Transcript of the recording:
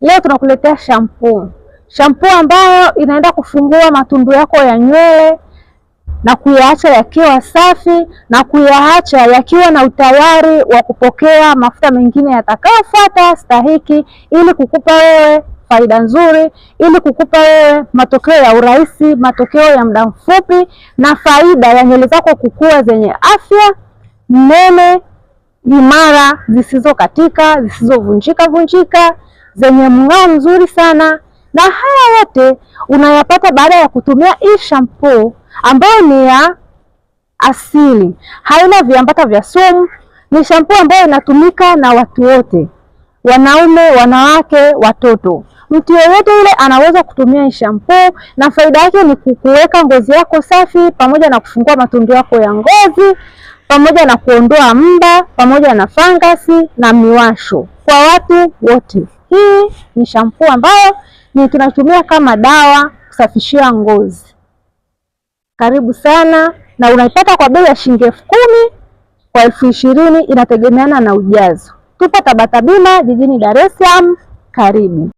Leo tunakuletea shampoo, shampoo ambayo inaenda kufungua matundu yako ya nywele na kuyaacha yakiwa safi na kuyaacha yakiwa na utayari wa kupokea mafuta mengine yatakayofuata stahiki, ili kukupa wewe faida nzuri, ili kukupa wewe matokeo ya urahisi, matokeo ya muda mfupi na faida ya nywele zako kukua zenye afya, nene, imara, zisizokatika, zisizovunjika vunjika, vunjika zenye mng'ao mzuri sana, na haya yote unayapata baada ya kutumia hii shampoo ambayo ni ya asili, haina viambata vya sumu. Ni shampoo ambayo inatumika na watu wote, wanaume, wanawake, watoto, mtu yeyote yule anaweza kutumia hii shampoo, na faida yake ni kukuweka ngozi yako safi pamoja na kufungua matundu yako ya ngozi pamoja na kuondoa mba pamoja na fangasi na miwasho kwa watu wote. Hii ni shampuu ambayo ni tunatumia kama dawa kusafishia ngozi. Karibu sana, na unaipata kwa bei ya shilingi elfu kumi kwa elfu ishirini inategemeana na ujazo. Tupo Tabata Bima jijini Dar es Salaam. Karibu.